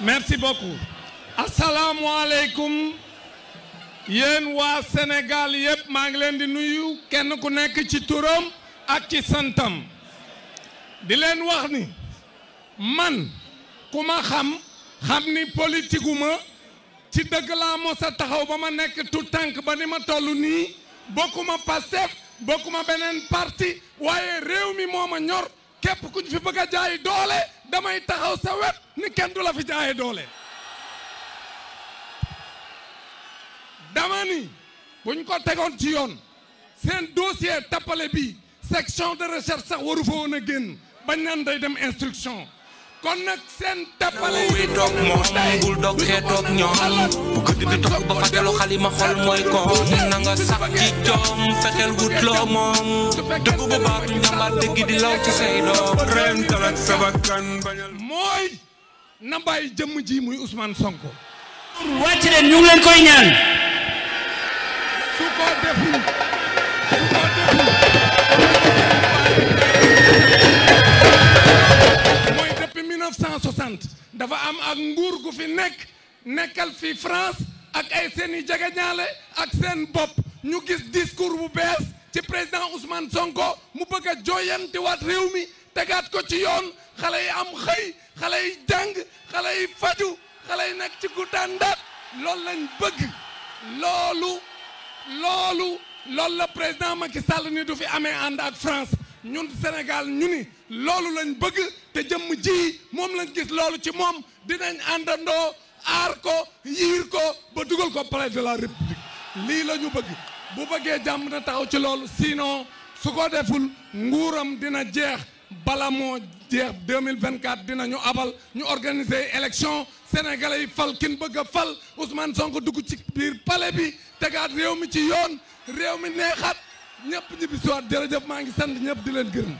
merci beaucoup asalaamualeykum yéen waa senegaal yëpp maa ngi leen di nuyu kenn ku nekk ci turam ak ci santam di leen wax ni man ku ma xam xam ni politiguma ci dëgg laa mos taxaw ba ma nekk tout tànk ba ni ma toll nii bokkuma Pastef bokkuma beneen parti waaye réew mi moo ma ñor képp ku ñu fi bëgg a jaay doole damay taxaw sa wet ni kenn du la fi jaaye doole dama ni buñ ko tegoon ci yoon seen dossier tappale bi section de recherche sax waru fa woon a génn bañ naan day dem instruction kon nag seen tappale yi toog moo bul dog xee toog ñoom bu gëdd di toog ba fagelu xalima xol mooy koom na nga ci coom fexeel wut moom dëgg bu baax njàmbaar dëgg di law ci say doom ren talak sabakan bañal mooy na jëmm ji muy Ousmane Sonko wàcc leen ñu leen koy ñaan 1960 dafa am ak nguur gu fi nekk nekkal fi France ak ay seen i jegeñaale ak seen bopp ñu gis discours bu bees ci président Ousmane Sonko mu bëgg a jooyantiwaat réew mi tegaat ko ci yoon xale yi am xëy xale yi jàng xale yi faju xale yi nekk ci guddaandaat loolu lañ bëgg loolu loolu la président Macky Sall ni du fi amee ànd ak France ñun Sénégal ñu ni loolu lañ bëgg te jëmm ji moom lañ gis loolu ci moom dinañ àndandoo aar ko yiir ko ba dugal ko palais de la république lii la ñu bëgg bu bëggee jàmm na taxaw ci loolu sinon su ko deful nguuram dina jeex bala moo jeex 2024 dina ñu abal ñu organiser élection sénégalais yi fal kin bëgg a fal Ousmane Sonko dugg ci biir pale bi tegaat réew mi ci yoon réew mi neexaat ñëpp ñibbi si waat jërëjëf maa ngi sant ñëpp di leen gërëm.